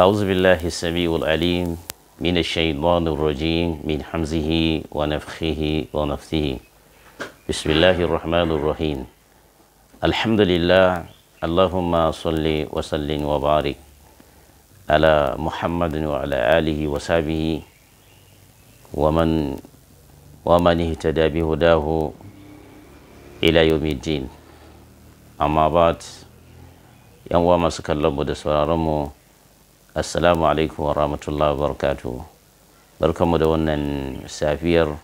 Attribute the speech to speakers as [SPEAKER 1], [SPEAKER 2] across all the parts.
[SPEAKER 1] أعوذ بالله السميع العليم من الشيطان الرجيم من حمزه ونفخه ونفثه بسم الله الرحمن الرحيم الحمد لله اللهم صل وسلم وبارك على محمد وعلى آله وصحبه ومن ومن اهتدى بهداه إلى يوم الدين أما بعد يوم ما سكر الله da sauraronmu assalamu alaikum wa rahmatullahi wa barakatuhu barkanmu da wannan safiyar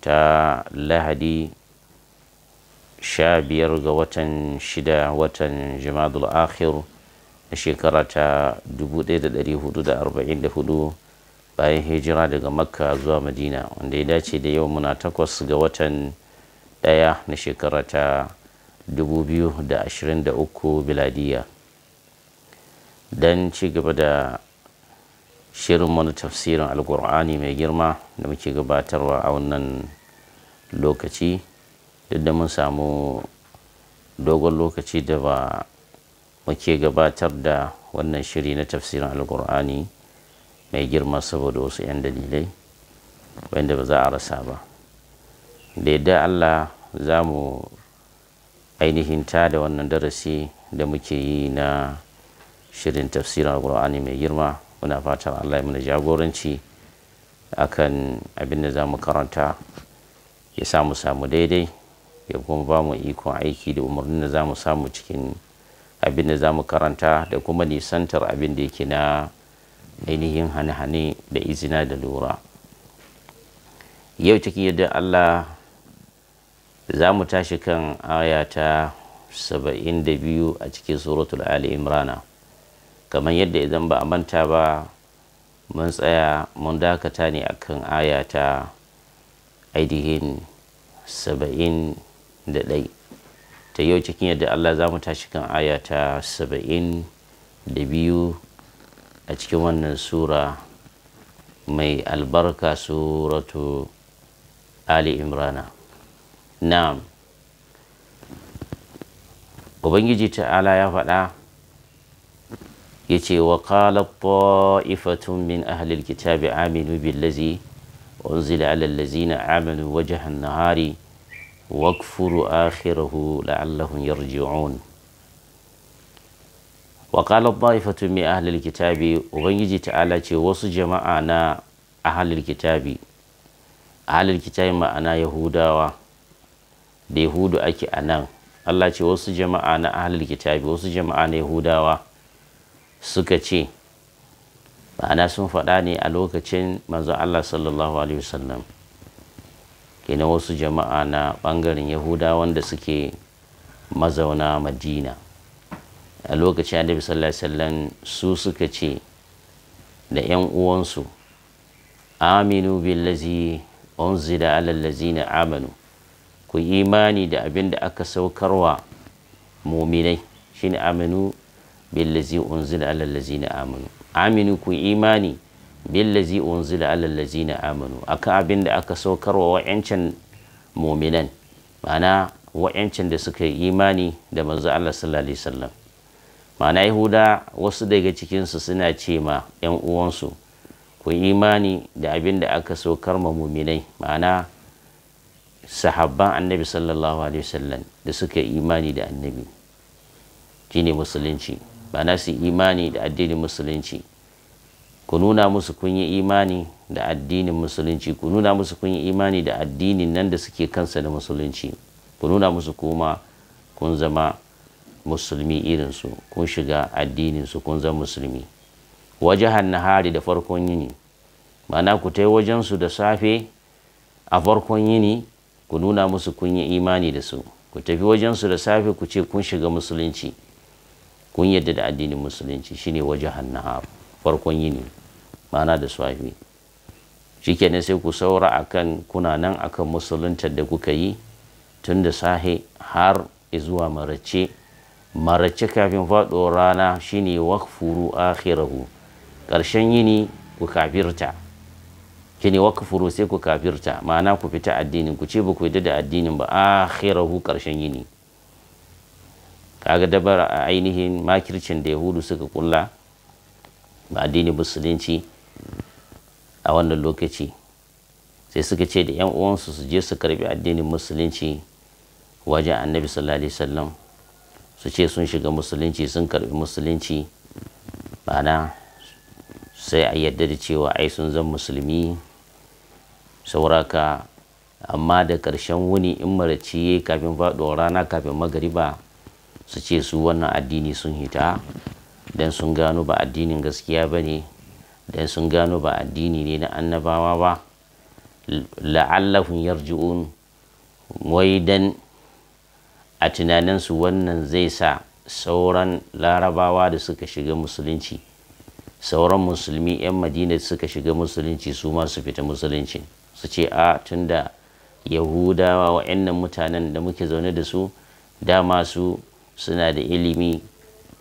[SPEAKER 1] ta lahadi sha biyar ga watan shida watan jimadul akhir na shekara ta 1444 bayan hijira daga makka zuwa madina wanda ya dace da yau muna takwas ga watan daya na shekara ta 2023 biladiyya. dan ci gaba da shirin wani tafsirin alkur'ani mai girma da muke gabatarwa a wannan lokaci duk da mun samu dogon lokaci da ba muke gabatar da wannan shiri na tafsirin alkur'ani mai girma saboda wasu 'yan dalilai wanda ba za a rasa ba da yadda allah za mu ainihin ta da wannan darasi da muke yi na shirin tafsirin alkur'ani mai girma muna fatan allah mana jagoranci akan abin da za mu karanta ya samu samu daidai ya kuma ba mu ikon aiki da umarnin da za mu samu cikin abin da za mu karanta da kuma nisantar abin da yake na ainihin hane-hane da izina da lura yau cikin yadda allah za mu tashi kan aya ta 72 a cikin suratul ali imrana kamar yadda idan ba a manta ba mun tsaya mun dakata ne kan aya ta ainihin saba'in da ɗai ta yau cikin yadda Allah za mu tashi kan ayata ta saba'in da biyu a cikin wannan sura mai albarka suratu ali imrana na'am ubangiji ta'ala ya faɗa yace wa qala ta'ifatun min ahli alkitab aminu billazi unzila ala allazina amanu wajhan nahari wakfuru akhirahu la'allahum yarji'un wa qala ta'ifatun min ahli alkitab ubangiji ta'ala ce wasu jama'a na ahli alkitab ahli alkitab ma'ana yahudawa da yahudu ake a nan Allah ce wasu jama'a na ahli kitabi wasu jama'a na yahudawa suka ce ma'ana sun faɗa ne a lokacin manzo Allah sallallahu alaihi wasallam kenan wasu jama'a na ɓangaren yahuda wanda suke mazauna madina a lokacin annabi sallallahu alaihi wasallam su suka ce da 'yan uwansu aminu billazi unzila ala allazina amanu ku imani da abin da aka saukarwa muminai shine aminu billazi unzila ala lazina amanu aminu ku imani billazi unzila ala lazina amanu aka abin da aka saukarwa wa'ancan mominan ma'ana wa'ancan da suka yi imani da manzo Allah sallallahu alaihi wasallam ma'ana yahuda wasu daga cikinsu suna ce ma 'yan uwansu ku imani da abin da aka saukar ma muminai ma'ana sahabban annabi sallallahu alaihi wasallam da suka imani da annabi shine musulunci bana su imani da addinin musulunci ku nuna musu kun yi imani da addinin musulunci ku nuna musu kun yi imani da addinin nan da suke kansa da musulunci ku nuna musu kuma kun zama musulmi irinsu kun shiga addininsu kun zama musulmi wajahan nahari da farkon yini mana ku tai wajensu da safe a farkon yini ku nuna musu kun yi imani da su ku tafi wajensu da safe ku ce kun shiga musulunci kun yadda da addinin musulunci shine waje nahar farkon yini mana da shi kenan sai ku saura akan kuna nan akan musuluntar da kuka yi tun da sahe har zuwa marace marace kafin faɗo rana shine wakfuru akhirahu ƙarshen yini ku kafirta shine wakfuru sai ku kafirta ma'ana ku fita addinin ku ce ba ku yadda da addinin ba akhirahu ƙarshen yini kaga dabar a ainihin makircin da yahudu suka kulla ba addini musulunci a wannan lokaci sai suka ce da yan uwansu su je su karbi addinin musulunci wajen annabi sallallahu alaihi wasallam su ce sun shiga musulunci sun karbi musulunci ma'ana sai a yadda da cewa ai sun zan musulmi sauraka amma da ƙarshen wuni in maraci kafin faɗuwar rana kafin magariba su ce su wannan addini sun hita don sun gano ba addinin gaskiya ba ne don sun gano ba addini ne na annabawa ba la'allahun yarji'un wai dan a tunaninsu wannan zai sa sauran larabawa da suka shiga musulunci sauran musulmi 'yan madina suka shiga musulunci su ma su fita musulunci su ce a tun tunda yahudawa wa'annan mutanen da muke zaune da su dama su suna da ilimi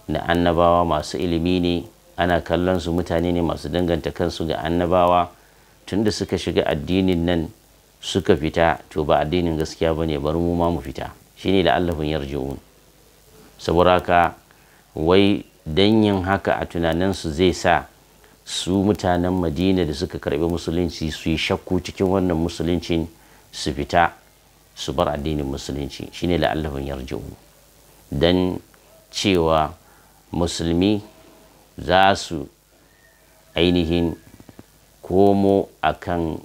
[SPEAKER 1] na annabawa masu ilimi ne ana kallon su mutane ne masu danganta kansu ga annabawa tunda suka shiga addinin nan suka fita to ba addinin gaskiya ba ne bari mu ma mu fita shine da allahun yarji'un saboda haka wai danyin haka a tunaninsu zai sa su mutanen madina da suka karbi musulunci su yi shakku cikin wannan musulunci su fita su bar addinin musulunci shine da allahun yarji'un Dan cewa musulmi za su ainihin komo akan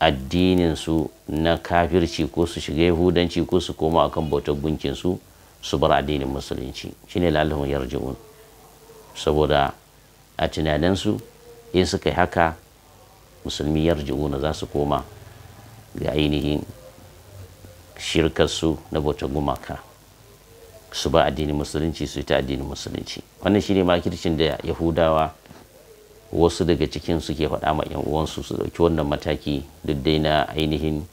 [SPEAKER 1] addininsu na kafirci ko su shiga yahudanci ko su komo akan bautar gunkinsu su bar addinin musulunci shine lalahun yarji'un saboda a tunaninsu in suka yi haka musulmi yarji'una za su koma ga ainihin shirkarsu na bautar gumaka su ba addinin musulunci su ta addinin musulunci wannan shine makircin da yahudawa wasu daga cikin suke faɗa ma yan uwansu su dauki wannan mataki duk dai na ainihin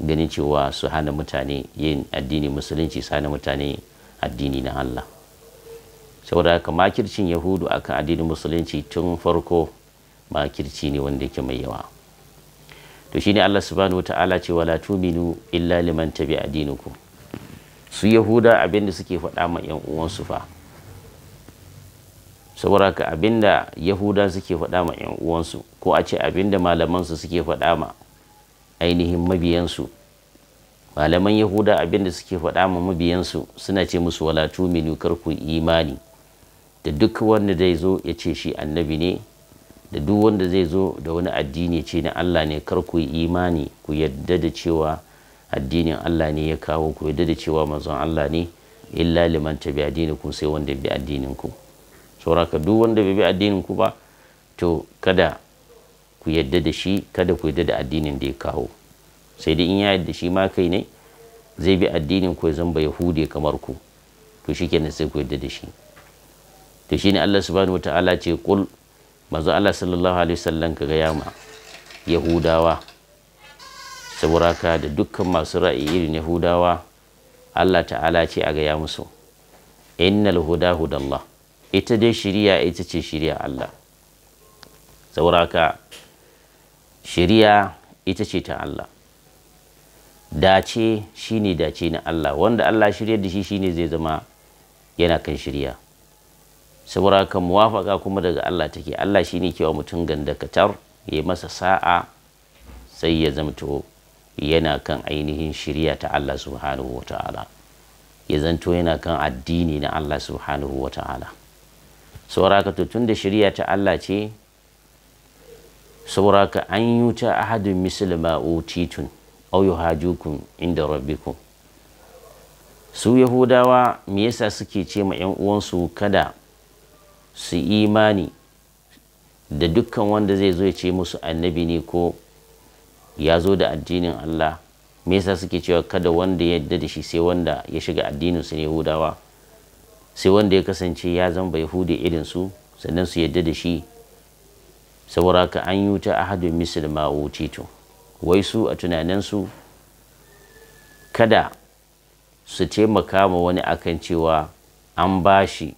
[SPEAKER 1] ganin cewa su hana mutane yin addinin musulunci su hana mutane addini na Allah saboda haka makircin yahudu akan addinin musulunci tun farko makirci ne wanda yake mai yawa to shine Allah subhanahu wataala ce wala tuminu illa liman tabi'a dinukum su yahuda abinda suke faɗa ma yan uwansu fa saboda ka abinda yahuda suke faɗa ma yan uwansu ko a ce abinda malamansu suke faɗa ma ainihin mabiyansu malaman yahuda abinda suke faɗa ma mabiyansu suna ce musu walatu minu kar imani da duk wanda zai zo ya ce shi annabi ne da duk wanda zai zo da wani addini ce na Allah ne kar kuyi imani ku yadda da cewa addinin Allah ne ya kawo ku yadda da cewa manzon Allah ne illa liman tabi addinikum sai wanda bi addinin ku sauraka duk wanda bai bi addinin ku ba to kada ku yadda da shi kada ku yadda da addinin da ya kawo sai dai in ya yadda shi ma kai ne zai bi addinin ku zan ba yahude kamar ku to shikenan sai ku yadda da shi to shine Allah subhanahu wataala ce kul manzo Allah sallallahu alaihi wasallam kaga yama yahudawa saboda da dukkan masu ra'ayi irin yahudawa Allah ta'ala ce a gaya musu innal huda hudallah ita dai shiriya ita ce shiriya Allah saboda haka shiriya ita ce ta Allah dace shine dace na Allah wanda Allah shirya da shi shine zai zama yana kan shirya saboda haka muwafaka kuma daga Allah take Allah shine kewa mutum gandakatar ya masa sa'a sai ya zamto yana kan ainihin shirya ta Allah subhanahu wa ta'ala ya zanto yana kan addini na Allah subhanahu wa ta'ala sauraka tun da shirya ta Allah ce sauraka an yi ta ahadin musulma titun au yuhajukum inda rabbiku su yahudawa me yasa suke ce ma 'yan uwansu kada su imani da dukkan wanda zai zo ya ce musu annabi ne ko ya zo da addinin Allah me yasa suke cewa kada wanda ya yarda da shi sai wanda ya shiga addinin su Yahudawa sai wanda ya kasance ya zama bai hude irin su sannan su yadda da shi saboda ka an yi ta ahadu misal ma wutitu wai su a tunanin su kada su taimaka ma wani akan cewa an ba shi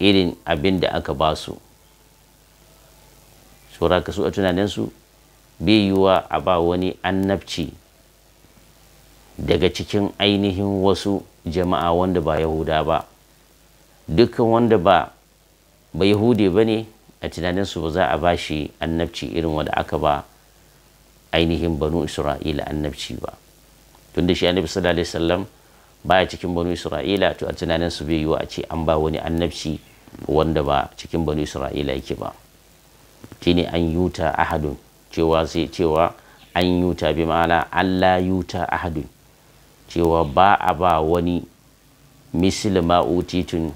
[SPEAKER 1] irin abin da aka ba su saboda ka su a tunanin su bai yiwa a ba wani annabci daga cikin ainihin wasu jama'a wanda ba yahuda ba dukkan wanda ba ba yahude ba ne a tunaninsu ba za a ba shi annabci irin wanda aka ba ainihin banu isra'ila annabci ba tun da shi annabi sallallahu alaihi wasallam a cikin banu isra'ila to a tunaninsu bai yiwa a ce an ba wani annabci wanda ba cikin banu isra'ila yake ba shine an yuta ahadun cewa sai cewa an yuta bi ma'ana Allah yuta ahadun cewa ba a ba wani misli ma'utitun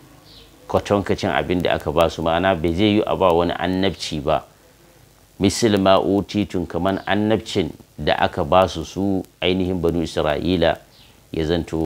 [SPEAKER 1] kwatankacin abin da aka ba su ma'ana bai zai yi a ba wani annabci ba misli ma'utitun kamar annabcin da aka ba su su ainihin banu isra'ila ya zanto